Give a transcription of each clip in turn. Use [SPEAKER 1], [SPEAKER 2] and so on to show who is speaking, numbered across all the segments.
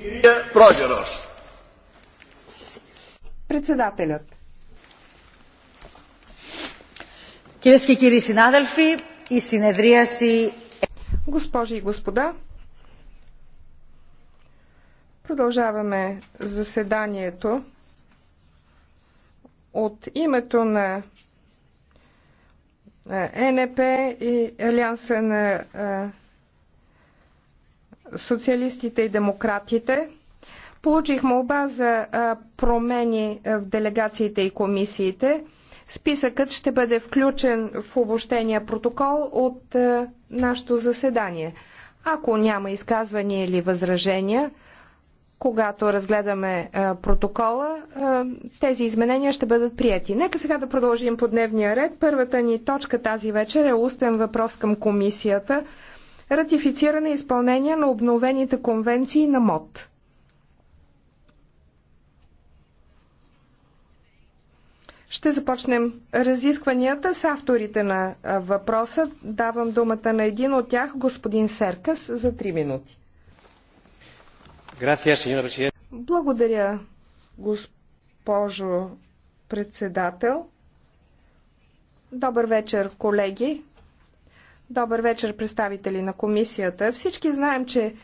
[SPEAKER 1] Кирия Πρόεδρος.
[SPEAKER 2] Председателят. Κυρίες кири синадълфи, и синедрия си.
[SPEAKER 1] Госпожи и господа, продължаваме заседанието от името на ЕНП е и Алианса на е, социалистите и демократите. Получих молба за промени в делегациите и комисиите. Списъкът ще бъде включен в обобщения протокол от нашето заседание. Ако няма изказвания или възражения, когато разгледаме протокола, тези изменения ще бъдат прияти. Нека сега да продължим по дневния ред. Първата ни точка тази вечер е устен въпрос към комисията ратифициране и изпълнение на обновените конвенции на МОД. Ще започнем разискванията с авторите на въпроса. Давам думата на един от тях, господин Серкас, за 3 минути. Благодаря, госпожо председател. Добър вечер, колеги. Добър вечер, представители на комисията. Всички знаем, че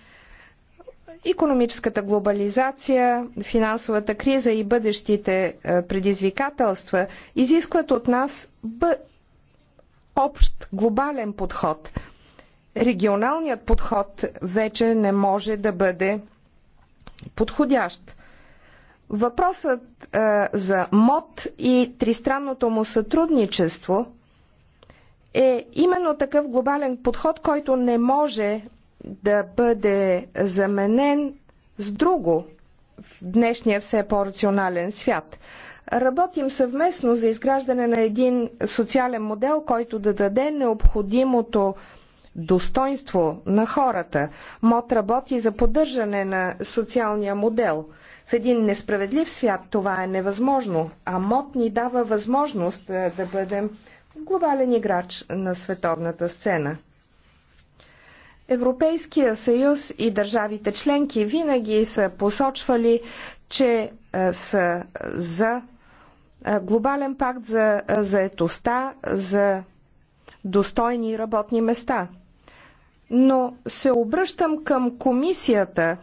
[SPEAKER 1] економическата глобализация, финансовата криза и бъдещите е, предизвикателства изискват от нас общ глобален подход. Регионалният подход вече не може да бъде подходящ. Въпросът е, за МОД и тристранното му сътрудничество – е именно такъв глобален подход, който не може да бъде заменен с друго в днешния все по-рационален свят. Работим съвместно за изграждане на един социален модел, който да даде необходимото достоинство на хората. МОД работи за поддържане на социалния модел. В един несправедлив свят това е невъзможно, а МОД ни дава възможност да бъдем глобален играч на световната сцена. Европейския съюз и държавите членки винаги са посочвали, че е, са за е, глобален пакт за е, заетостта, за достойни работни места. Но се обръщам към комисията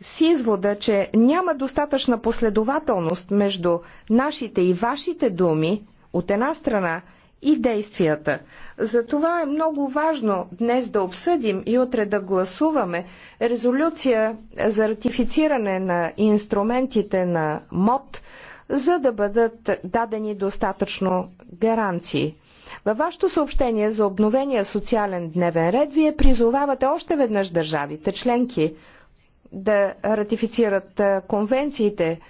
[SPEAKER 1] с извода, че няма достатъчна последователност между нашите и вашите думи от една страна – и действията. Затова е много важно днес да обсъдим и утре да гласуваме резолюция за ратифициране на инструментите на МОД, за да бъдат дадени достатъчно гаранции. Във вашето съобщение за обновения социален дневен ред, вие призовавате още веднъж държавите членки да ратифицират конвенциите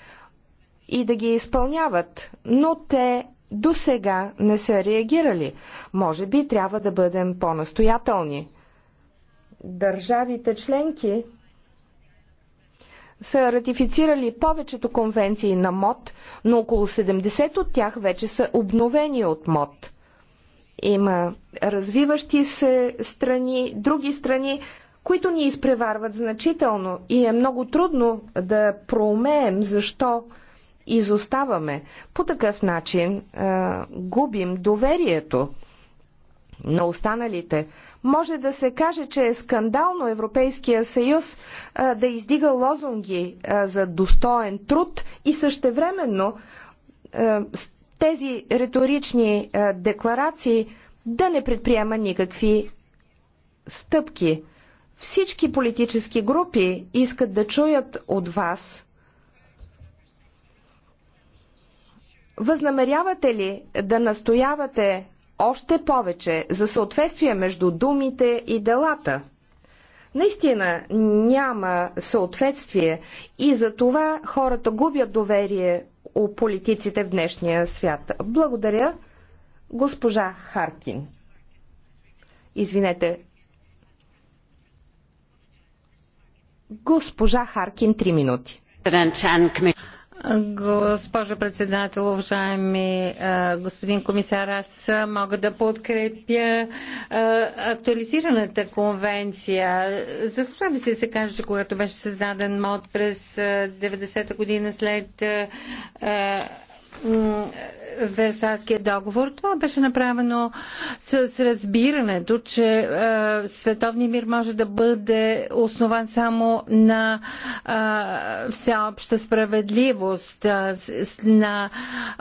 [SPEAKER 1] и да ги изпълняват, но те до сега не са реагирали. Може би трябва да бъдем по-настоятелни. Държавите членки са ратифицирали повечето конвенции на МОД, но около 70 от тях вече са обновени от МОД. Има развиващи се страни, други страни, които ни изпреварват значително и е много трудно да проумеем защо изоставаме. По такъв начин а, губим доверието на останалите. Може да се каже, че е скандално Европейския съюз а, да издига лозунги а, за достоен труд и същевременно а, тези риторични а, декларации да не предприема никакви стъпки. Всички политически групи искат да чуят от вас Възнамерявате ли да настоявате още повече за съответствие между думите и делата? Наистина няма съответствие и за това хората губят доверие у политиците в днешния свят. Благодаря, госпожа Харкин. Извинете.
[SPEAKER 2] Госпожа Харкин, три минути. Госпожо председател, уважаеми господин комисар, аз мога да подкрепя актуализираната конвенция. Заслужава се да се каже, че когато беше създаден МОД през 90-та година след Версалския договор. Това беше направено с разбирането, че е, световният мир може да бъде основан само на е, всеобща справедливост, е, на е,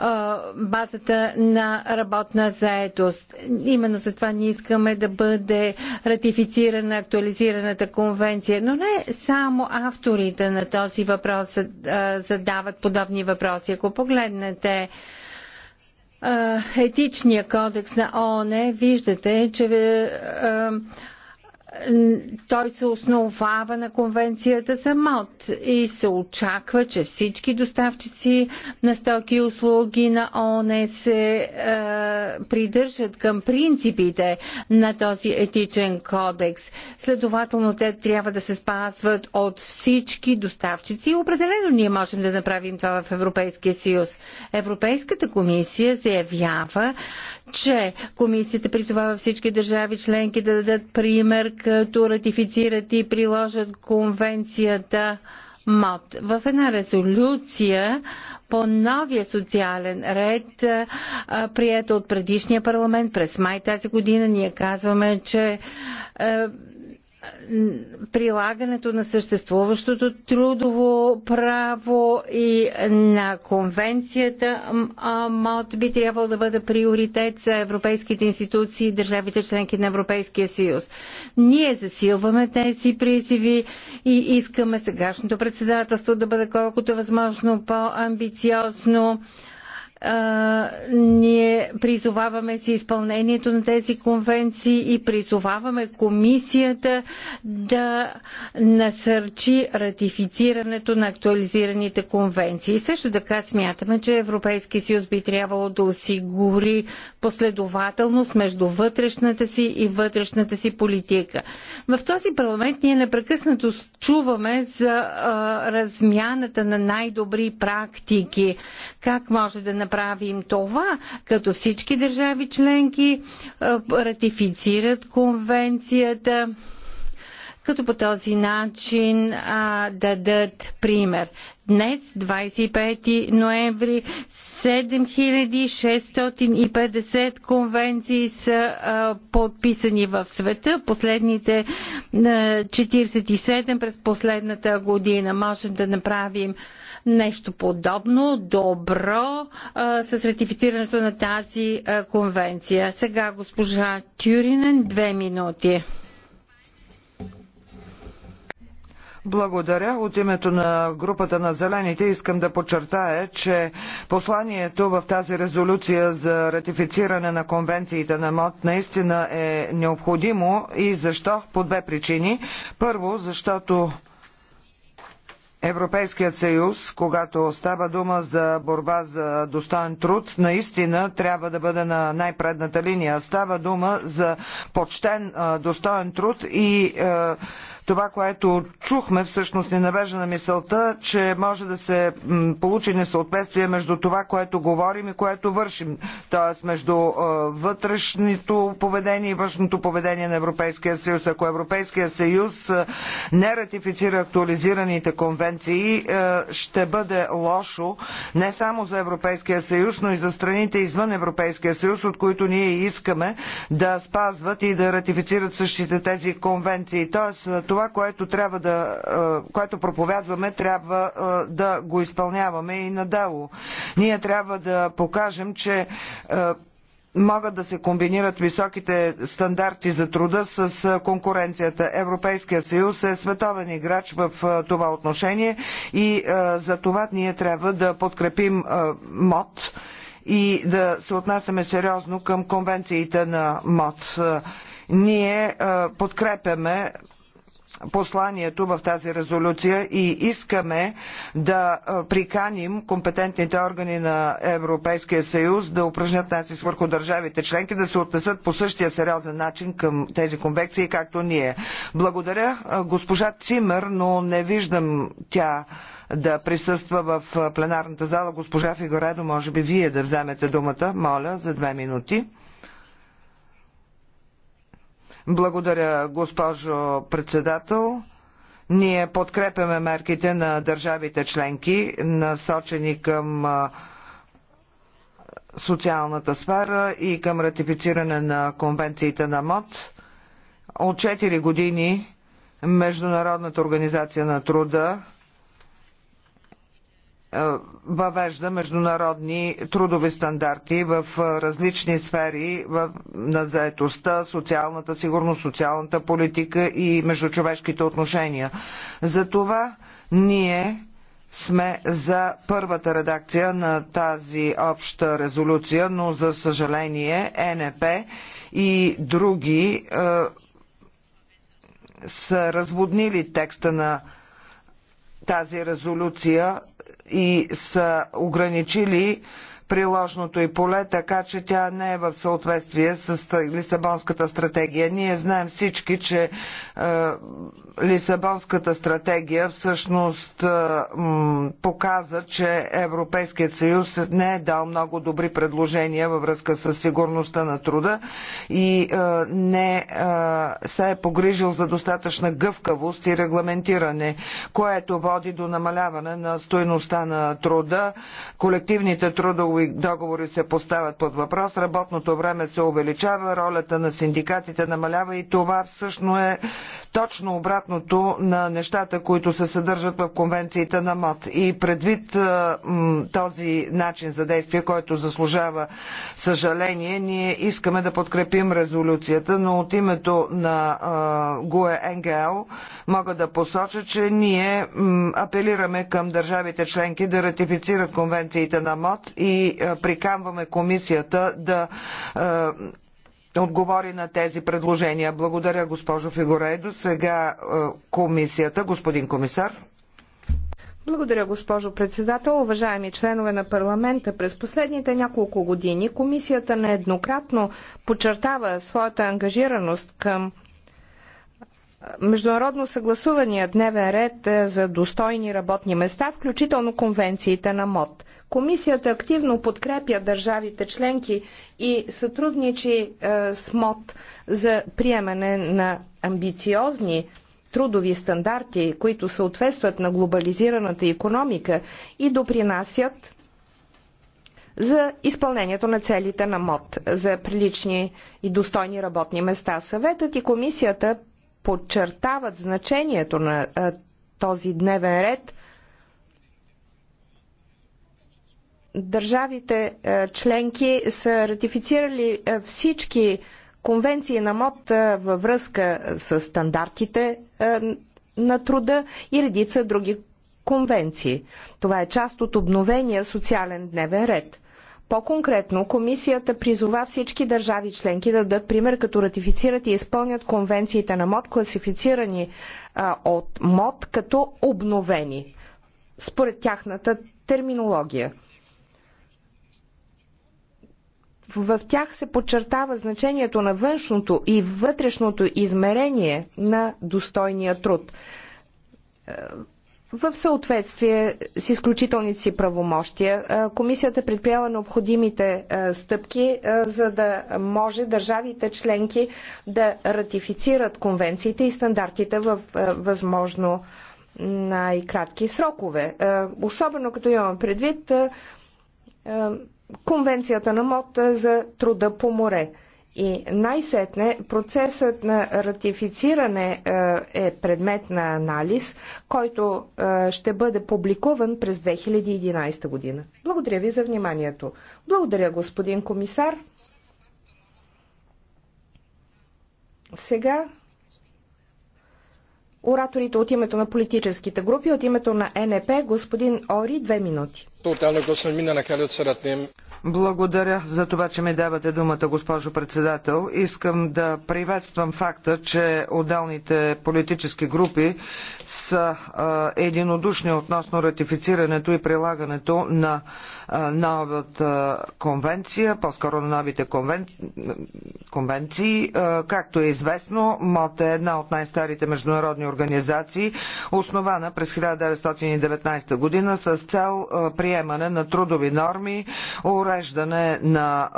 [SPEAKER 2] базата на работна заетост. Именно за това ние искаме да бъде ратифицирана актуализираната конвенция. Но не само авторите на този въпрос е, задават подобни въпроси. Ако погледнете четете етичния кодекс на ООН, виждате, че той се основава на конвенцията за МОД и се очаква, че всички доставчици на стоки и услуги на ООН се е, придържат към принципите на този етичен кодекс. Следователно, те трябва да се спазват от всички доставчици и определено ние можем да направим това в Европейския съюз. Европейската комисия заявява, че комисията призовава всички държави членки да дадат пример като ратифицират и приложат конвенцията МОД. В една резолюция по новия социален ред, прията от предишния парламент през май тази година, ние казваме, че прилагането на съществуващото трудово право и на конвенцията МОД би трябвало да бъде приоритет за европейските институции и държавите членки на Европейския съюз. Ние засилваме тези призиви и искаме сегашното председателство да бъде колкото е възможно по-амбициозно ние призоваваме за изпълнението на тези конвенции и призоваваме комисията да насърчи ратифицирането на актуализираните конвенции. И също така смятаме, че Европейски съюз би трябвало да осигури последователност между вътрешната си и вътрешната си политика. В този парламент ние непрекъснато чуваме за а, размяната на най-добри практики. Как може да направим направим това, като всички държави членки ратифицират конвенцията като по този начин а, дадат пример. Днес, 25 ноември, 7650 конвенции са а, подписани в света, последните а, 47 през последната година. Можем да направим нещо подобно, добро, а, с ратифицирането на тази а, конвенция. Сега госпожа Тюринен, две минути.
[SPEAKER 3] Благодаря. От името на групата на Зелените искам да подчертая, че посланието в тази резолюция за ратифициране на конвенциите на МОД наистина е необходимо и защо? По две причини. Първо, защото Европейският съюз, когато става дума за борба за достоен труд, наистина трябва да бъде на най-предната линия. Става дума за почтен, достоен труд и това, което чухме, всъщност ни навежда на мисълта, че може да се получи несъответствие между това, което говорим и което вършим. Тоест между вътрешното поведение и външното поведение на Европейския съюз. Ако Европейския съюз не ратифицира актуализираните конвенции, ще бъде лошо не само за Европейския съюз, но и за страните извън Европейския съюз, от които ние искаме да спазват и да ратифицират същите тези конвенции. Тоест, това това, което трябва да, е, което проповядваме, трябва е, да го изпълняваме и дело. Ние трябва да покажем, че е, могат да се комбинират високите стандарти за труда с конкуренцията. Европейския съюз е световен играч в това отношение и за това ние трябва да подкрепим МОД и да се отнасяме сериозно към конвенциите на МОД. Ние подкрепяме посланието в тази резолюция и искаме да приканим компетентните органи на Европейския съюз да упражнят натиск върху държавите членки, да се отнесат по същия сериозен начин към тези конвекции, както ние. Благодаря госпожа Цимер, но не виждам тя да присъства в пленарната зала. Госпожа Фигаредо, може би вие да вземете думата, моля, за две минути. Благодаря, госпожо председател. Ние подкрепяме мерките на държавите членки, насочени към социалната сфера и към ратифициране на конвенциите на МОД. От 4 години Международната организация на труда е, въвежда международни трудови стандарти в е, различни сфери на заетостта, социалната сигурност, социалната политика и междучовешките отношения. Затова ние сме за първата редакция на тази обща резолюция, но за съжаление НП и други е, са разводнили текста на тази резолюция и са ограничили приложното и поле, така че тя не е в съответствие с Лисабонската стратегия. Ние знаем всички, че е, Лисабонската стратегия всъщност е, показа, че Европейският съюз не е дал много добри предложения във връзка с сигурността на труда и е, не се е погрижил за достатъчна гъвкавост и регламентиране, което води до намаляване на стойността на труда. Колективните трудови договори се поставят под въпрос, работното време се увеличава, ролята на синдикатите намалява и това всъщност е точно обратното на нещата, които се съдържат в конвенциите на МОД. И предвид този начин за действие, който заслужава съжаление, ние искаме да подкрепим резолюцията, но от името на ГУЕ НГЛ мога да посоча, че ние апелираме към държавите членки да ратифицират конвенциите на МОД и приканваме комисията да отговори на тези предложения. Благодаря, госпожо Фигурейдо. Сега е, комисията, господин комисар.
[SPEAKER 1] Благодаря, госпожо председател. Уважаеми членове на парламента, през последните няколко години комисията нееднократно подчертава своята ангажираност към е, международно съгласувания дневен ред е, за достойни работни места, включително конвенциите на МОД. Комисията активно подкрепя държавите членки и сътрудничи е, с МОД за приемане на амбициозни трудови стандарти, които съответстват на глобализираната економика и допринасят за изпълнението на целите на МОД за прилични и достойни работни места. Съветът и комисията подчертават значението на е, този дневен ред държавите е, членки са ратифицирали е, всички конвенции на МОД е, във връзка с стандартите на труда и редица други конвенции. Това е част от обновения социален дневен ред. По-конкретно, комисията призова всички държави членки да дадат пример, като ратифицират и изпълнят конвенциите на МОД, класифицирани а, от МОД като обновени, според тяхната терминология. В тях се подчертава значението на външното и вътрешното измерение на достойния труд е, в съответствие с изключителните си правомощия, е, комисията предприела необходимите е, стъпки, за да може държавите членки да ратифицират конвенциите и стандартите в възможно най-кратки срокове. Особено като имам предвид Конвенцията на МОД за труда по море. И най-сетне процесът на ратифициране е предмет на анализ, който ще бъде публикуван през 2011 година. Благодаря ви за вниманието. Благодаря, господин комисар. Сега ораторите от името на политическите групи, от името на НП, господин Ори, две минути.
[SPEAKER 3] Благодаря за това, че ми давате думата, госпожо председател. Искам да приветствам факта, че отделните политически групи са единодушни относно ратифицирането и прилагането на новата конвенция, по-скоро на новите конвен... конвенции. Както е известно, МОТ е една от най-старите международни организации, основана през 1919 година с цел при приемане на трудови норми, уреждане на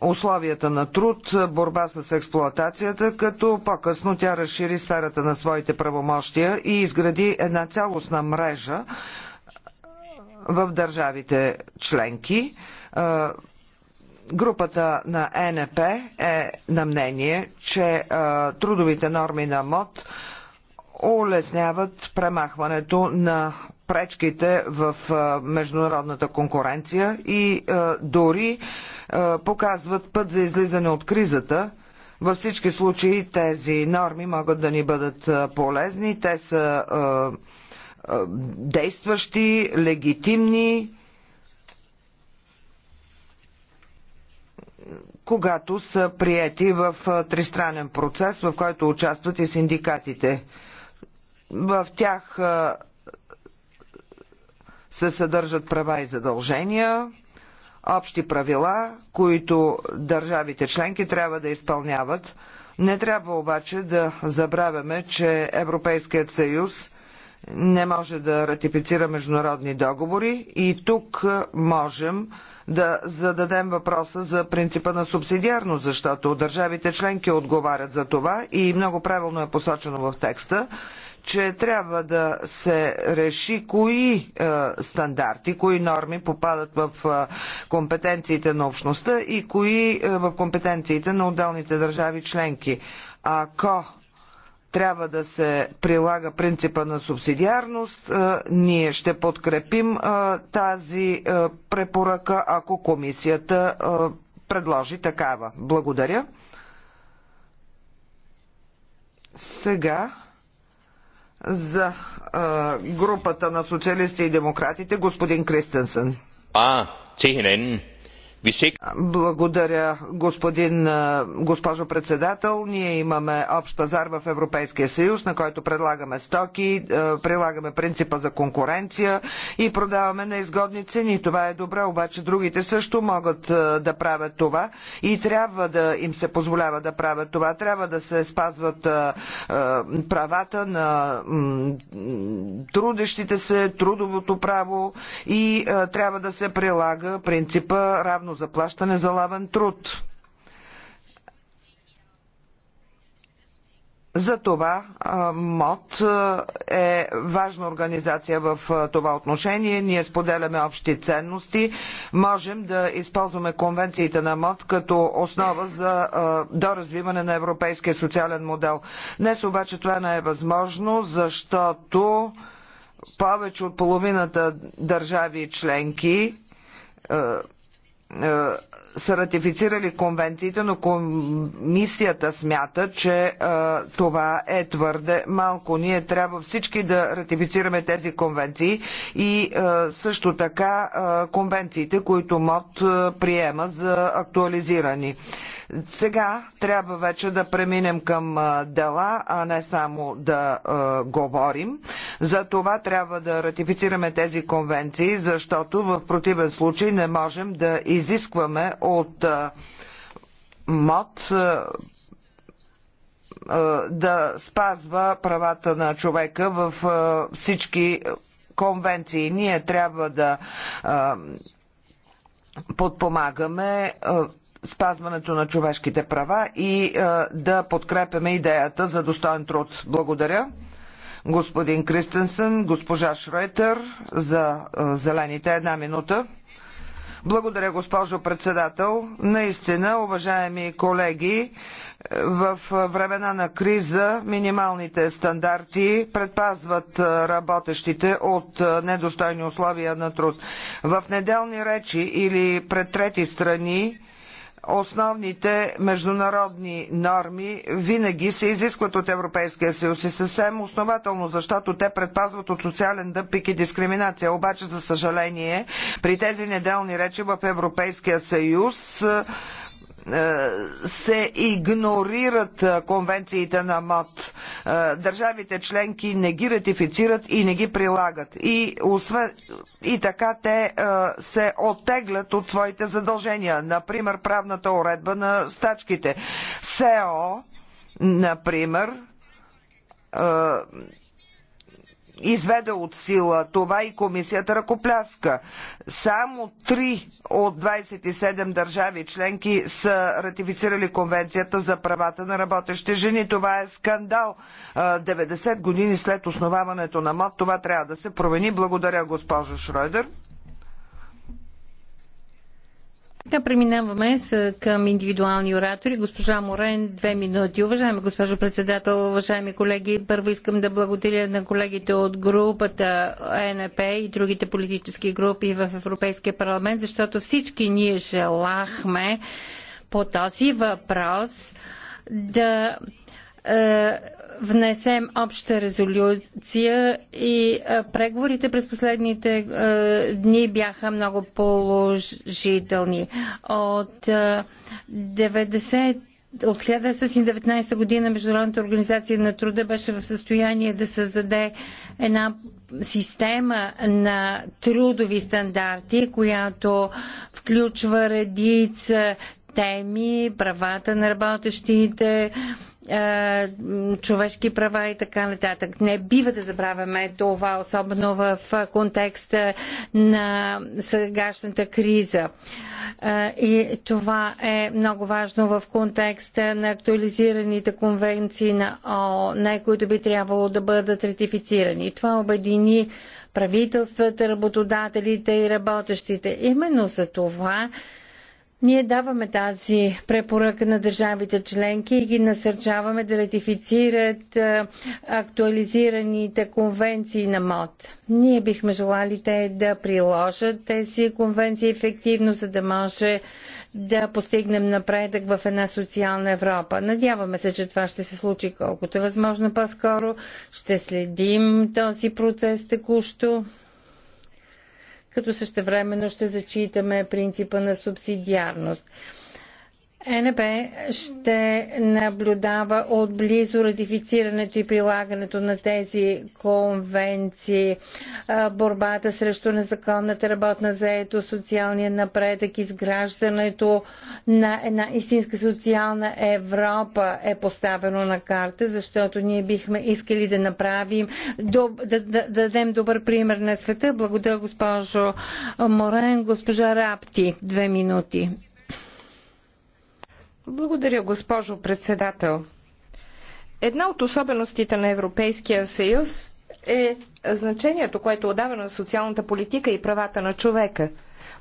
[SPEAKER 3] условията на труд, борба с експлоатацията, като по-късно тя разшири сферата на своите правомощия и изгради една цялостна мрежа в държавите членки. Групата на НП е на мнение, че трудовите норми на МОД улесняват премахването на пречките в международната конкуренция и дори показват път за излизане от кризата. Във всички случаи тези норми могат да ни бъдат полезни. Те са действащи, легитимни, когато са приети в тристранен процес, в който участват и синдикатите. В тях се съдържат права и задължения, общи правила, които държавите членки трябва да изпълняват. Не трябва обаче да забравяме, че Европейският съюз не може да ратифицира международни договори и тук можем да зададем въпроса за принципа на субсидиарност, защото държавите членки отговарят за това и много правилно е посочено в текста, че трябва да се реши кои е, стандарти, кои норми попадат в е, компетенциите на общността и кои е, в компетенциите на отделните държави членки. Ако трябва да се прилага принципа на субсидиарност. Е, ние ще подкрепим е, тази е, препоръка, ако комисията предложи такава. Благодаря. Сега за а, групата на социалистите и демократите господин Кристенсен. А, благодаря, господин, госпожо председател. Ние имаме общ пазар в Европейския съюз, на който предлагаме стоки, прилагаме принципа за конкуренция и продаваме на изгодни цени. Това е добре, обаче другите също могат да правят това и трябва да им се позволява да правят това. Трябва да се спазват правата на трудещите се, трудовото право и трябва да се прилага принципа равно заплащане за лавен труд. Затова МОД е важна организация в това отношение. Ние споделяме общи ценности. Можем да използваме конвенциите на МОД като основа за доразвиване на европейския социален модел. Днес обаче това не е възможно, защото повече от половината държави и членки е, са ратифицирали конвенциите, но комисията смята, че а, е, това е твърде малко. Ние трябва всички да ратифицираме тези конвенции и а, е, също така а, конвенциите, които МОД приема за актуализирани. Сега трябва вече да преминем към дела, а не само да е, говорим. За това трябва да ратифицираме тези конвенции, защото в противен случай не можем да изискваме от е, МОД е, да спазва правата на човека в всички конвенции. Ние трябва да подпомагаме спазването на човешките права и е, да подкрепяме идеята за достоен труд. Благодаря господин Кристенсен, госпожа Шройтер за е, зелените една минута. Благодаря, госпожо председател. Наистина, уважаеми колеги, е, в времена на криза минималните стандарти предпазват работещите от недостойни условия на труд. В неделни речи или пред трети страни основните международни норми винаги се изискват от Европейския съюз и съвсем основателно, защото те предпазват от социален дъпик и дискриминация. Обаче, за съжаление, при тези неделни речи в Европейския съюз е, се игнорират е, конвенциите на МОД. Е, държавите членки не ги ратифицират и не ги прилагат. И, освен, и така те се оттеглят от своите задължения. Например, правната уредба на стачките. СЕО, например, изведе от сила това и комисията ръкопляска. Само 3 от 27 държави членки са ратифицирали конвенцията за правата на работещи жени. Това е скандал. 90 години след основаването на МОД това трябва да се промени. Благодаря, госпожо Шройдер.
[SPEAKER 2] Да преминаваме с, към индивидуални оратори. Госпожа Морен, две минути. Уважаема госпожо председател, уважаеми колеги, първо искам да благодаря на колегите от групата ЕНП и другите политически групи в Европейския парламент, защото всички ние желахме по този въпрос да е, внесем обща резолюция и преговорите през последните дни бяха много положителни. От 90 от 1919 година Международната организация на труда беше в състояние да създаде една система на трудови стандарти, която включва редица теми, правата на работещите, е, човешки права и така нататък. Не бива да забравяме това, особено в контекста на сегашната криза. Е, и това е много важно в контекста на актуализираните конвенции на ООН, които би трябвало да бъдат ратифицирани. Това обедини правителствата, работодателите и работещите. Именно за това ние даваме тази препоръка на държавите членки и ги насърчаваме да ратифицират актуализираните конвенции на МОД. Ние бихме желали те да приложат тези конвенции ефективно, за да може да постигнем напредък в една социална Европа. Надяваме се, че това ще се случи колкото е възможно по-скоро. Ще следим този процес текущо като същевременно ще зачитаме принципа на субсидиарност. ЕНП ще наблюдава отблизо ратифицирането и прилагането на тези конвенции, борбата срещу незаконната работна заето, социалния напредък, изграждането на една истинска социална Европа е поставено на карта, защото ние бихме искали да направим, да, да, да дадем добър пример на света. Благодаря, госпожо Морен. Госпожа Рапти, две минути. Благодаря, госпожо председател.
[SPEAKER 1] Една от особеностите на Европейския съюз е значението, което отдава на социалната политика и правата на човека.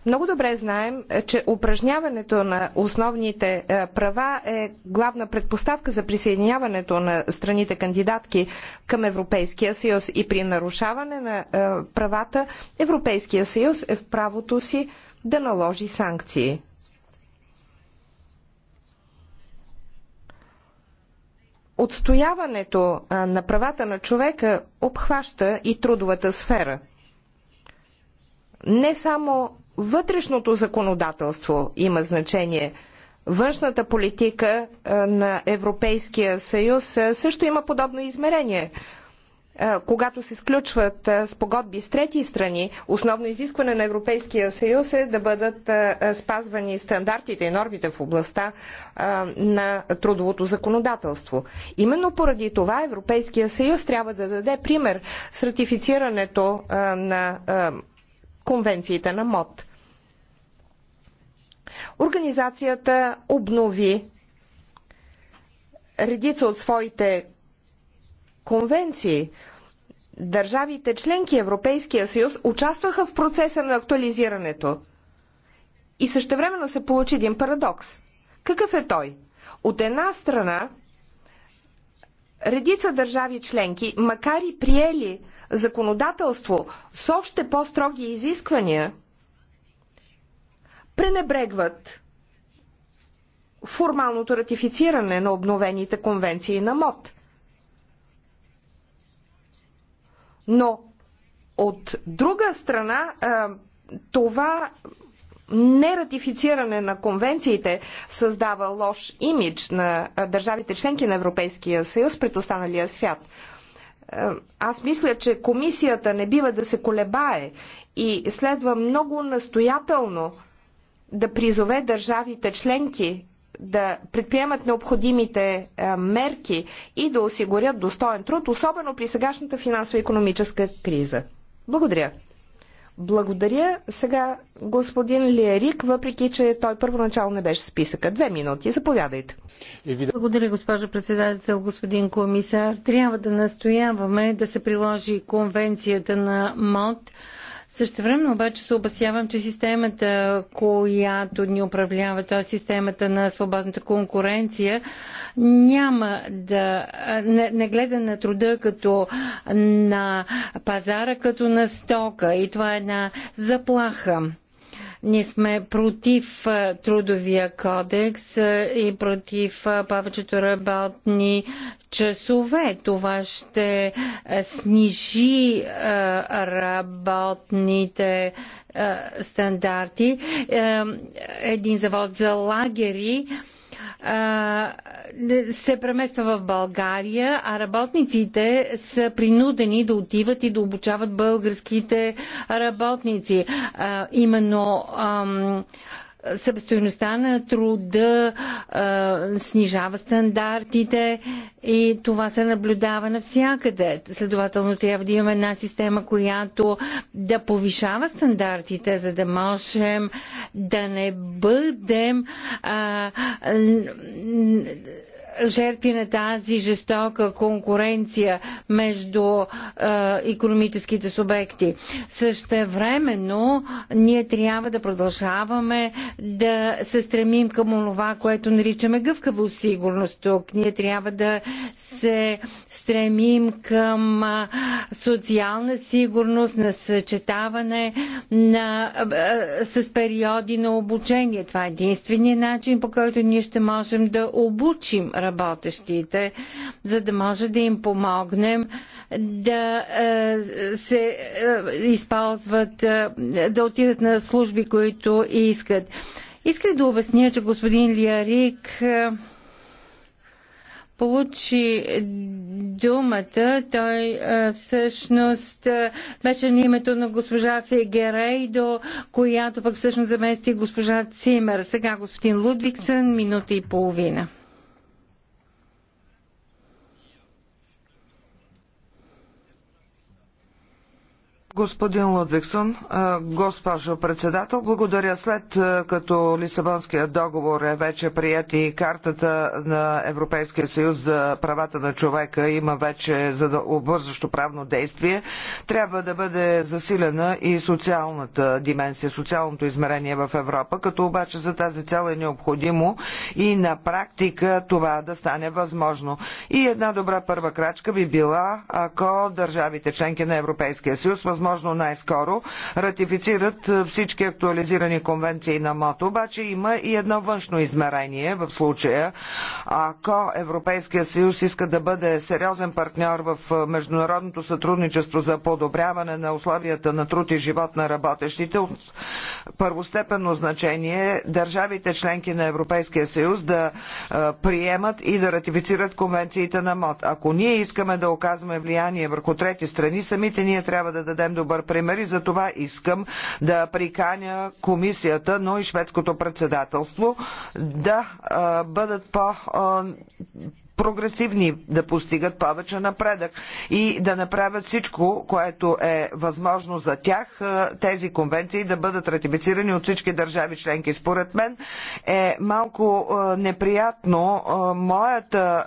[SPEAKER 1] Много добре знаем, че упражняването на основните е, права е главна предпоставка за присъединяването на страните кандидатки към Европейския съюз и при нарушаване на е, правата Европейския съюз е в правото си да наложи санкции. отстояването на правата на човека обхваща и трудовата сфера. Не само вътрешното законодателство има значение. Външната политика на Европейския съюз също има подобно измерение когато се сключват спогодби с трети страни, основно изискване на Европейския съюз е да бъдат спазвани стандартите и нормите в областта на трудовото законодателство. Именно поради това Европейския съюз трябва да даде пример с ратифицирането на конвенциите на МОД. Организацията обнови редица от своите конвенции. Държавите членки Европейския съюз участваха в процеса на актуализирането. И същевременно се получи един парадокс. Какъв е той? От една страна, редица държави членки, макар и приели законодателство с още по-строги изисквания, пренебрегват формалното ратифициране на обновените конвенции на МОД – Но от друга страна, това нератифициране на конвенциите създава лош имидж на държавите членки на Европейския съюз пред останалия свят. Аз мисля, че комисията не бива да се колебае и следва много настоятелно да призове държавите членки да предприемат необходимите е, мерки и да осигурят достоен труд, особено при сегашната финансово-економическа криза. Благодаря. Благодаря сега господин Лиерик, въпреки че той първоначално не беше списъка. Две минути, заповядайте.
[SPEAKER 2] Благодаря, госпожо председател, господин комисар. Трябва да настояваме да се приложи конвенцията на МОД също време обаче се обасявам, че системата, която ни управлява, т.е. системата на свободната конкуренция, няма да не, не гледа на труда като на пазара, като на стока. И това е една заплаха. Ние сме против трудовия кодекс и против повечето работни часове. Това ще снижи работните стандарти. Един завод за лагери се премества в България, а работниците са принудени да отиват и да обучават българските работници. Именно Събестоеността на труда снижава стандартите и това се наблюдава навсякъде. Следователно трябва да имаме една система, която да повишава стандартите, за да можем да не бъдем жертви на тази жестока конкуренция между е, економическите субекти. Същевременно ние трябва да продължаваме да се стремим към онова, което наричаме гъвкаво сигурност тук. Ние трябва да се стремим към социална сигурност, на съчетаване на, е, с периоди на обучение. Това е единствения начин, по който ние ще можем да обучим работещите, за да може да им помогнем да е, се е, използват, е, да отидат на служби, които искат. Исках да обясня, че господин Лярик получи думата, той всъщност беше на името на госпожа Фегерейдо, която пък всъщност замести госпожа Цимер. Сега господин Лудвиксън, минута и половина.
[SPEAKER 3] Господин Лудвиксон, госпожо председател, благодаря след като Лисабонският договор е вече прият и картата на Европейския съюз за правата на човека има вече обвързващо правно действие, трябва да бъде засилена и социалната дименсия, социалното измерение в Европа, като обаче за тази цел е необходимо и на практика това да стане възможно. И една добра първа крачка би била, ако държавите членки на Европейския съюз възможно възможно най-скоро ратифицират е, всички актуализирани конвенции на МОТ. Обаче има и едно външно измерение в случая. Ако Европейския съюз иска да бъде сериозен партньор в е, международното сътрудничество за подобряване на условията на труд и живот на работещите, първостепенно значение държавите членки на Европейския съюз да приемат и да ратифицират конвенциите на МОД. Ако ние искаме да оказваме влияние върху трети страни, самите ние трябва да дадем добър пример и за това искам да приканя комисията, но и шведското председателство да бъдат по прогресивни, да постигат повече напредък и да направят всичко, което е възможно за тях, тези конвенции да бъдат ратифицирани от всички държави членки. Според мен е малко неприятно моята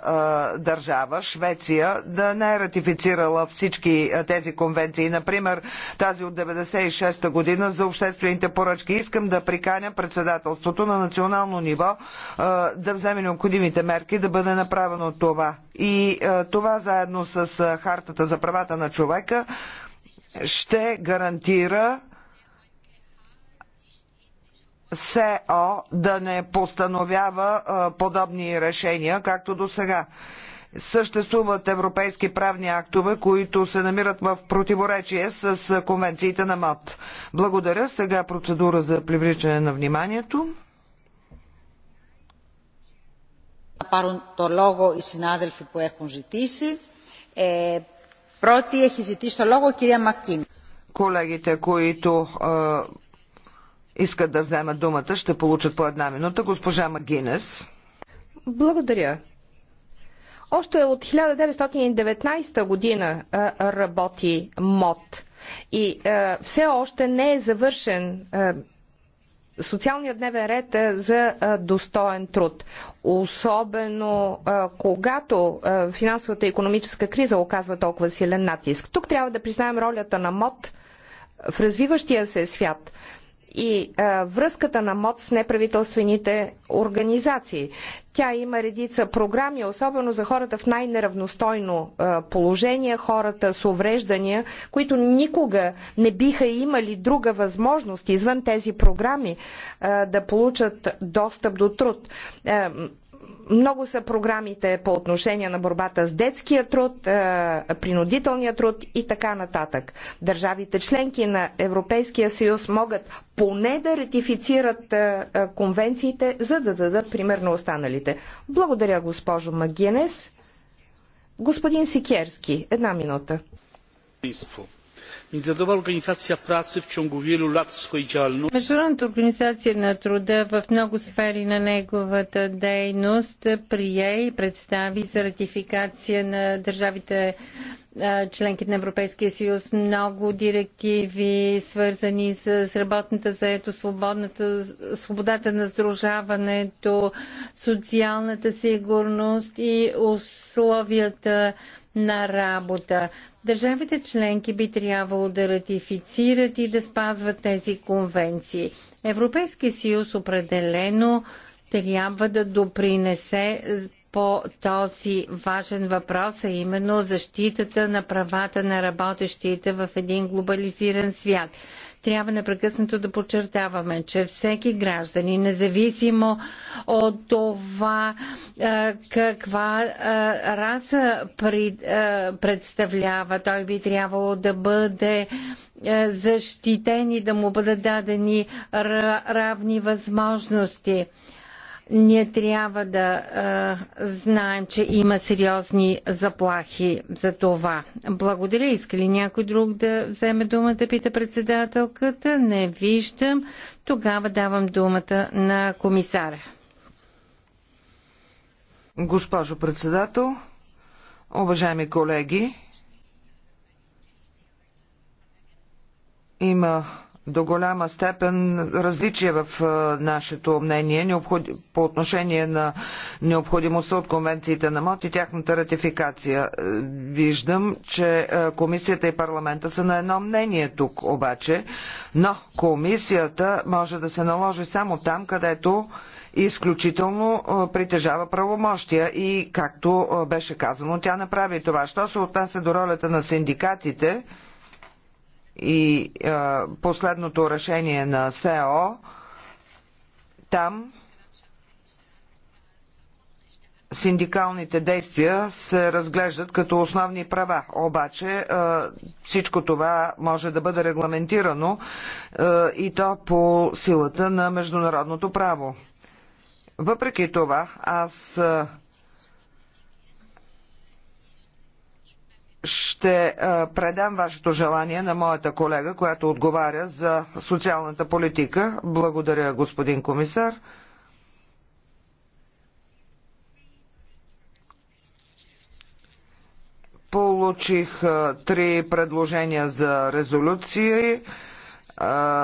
[SPEAKER 3] държава, Швеция, да не е ратифицирала всички тези конвенции. Например, тази от 96-та година за обществените поръчки. Искам да приканя председателството на национално ниво да вземе необходимите мерки да бъде направено именно това. И е, това заедно с е, Хартата за правата на човека ще гарантира СО да не постановява е, подобни решения, както до сега. Съществуват европейски правни актове, които се намират в противоречие с конвенциите на МОД. Благодаря. Сега процедура за привличане на вниманието.
[SPEAKER 2] πάρουν το λόγο οι συνάδελφοι που έχουν ζητήσει.
[SPEAKER 3] Ε, πρώτη έχει ζητήσει το λόγο η κυρία Μακκίν. Колегите, които искат да вземат думата, ще получат по една минута. Госпожа Магинес.
[SPEAKER 1] Благодаря. Още от 1919 година е, работи МОД и е, все още не е завършен е, социалния дневен ред за достоен труд. Особено когато финансовата и економическа криза оказва толкова силен натиск. Тук трябва да признаем ролята на МОД в развиващия се свят и а, връзката на МОД с неправителствените организации. Тя има редица програми, особено за хората в най-неравностойно положение, хората с увреждания, които никога не биха имали друга възможност извън тези програми а, да получат достъп до труд. А, много са програмите по отношение на борбата с детския труд, е, принудителния труд и така нататък. Държавите членки на Европейския съюз могат поне да ратифицират е, е, конвенциите, за да дадат пример на останалите. Благодаря, госпожо Магинес. Господин
[SPEAKER 2] Сикерски, една минута.
[SPEAKER 3] Peaceful. Międzynarodowa Organizacja Pracy w ciągu wielu lat swojej działalności.
[SPEAKER 2] Международната организация на труда в много сфери на неговата дейност прие и представи за ратификация на държавите членки на Европейския съюз много директиви, свързани с работната заето, свободата на сдружаването, социалната сигурност и условията на работа. Държавите членки би трябвало да ратифицират и да спазват тези конвенции. Европейския съюз определено трябва да допринесе по този важен въпрос, а именно защитата на правата на работещите в един глобализиран свят. Трябва непрекъснато да подчертаваме, че всеки граждани, независимо от това каква раса представлява, той би трябвало да бъде защитен и да му бъдат дадени равни възможности. Ние трябва да знаем, че има сериозни заплахи за това. Благодаря. Иска ли някой друг да вземе думата, пита председателката? Не виждам. Тогава давам думата на комисаря.
[SPEAKER 3] Госпожо председател, уважаеми колеги, има до голяма степен различие в нашето мнение по отношение на необходимостта от конвенциите на МОД и тяхната ратификация. Е, виждам, че комисията и парламента са на едно мнение тук обаче, но комисията може да се наложи само там, където изключително притежава правомощия и, както беше казано, тя направи това. Що се отнася до ролята на синдикатите, и а, последното решение на СЕО, там синдикалните действия се разглеждат като основни права. Обаче всичко това може да бъде регламентирано и то по силата на международното право. Въпреки това, аз ще предам вашето желание на моята колега, която отговаря за социалната политика. Благодаря, господин комисар. Получих три предложения за резолюции.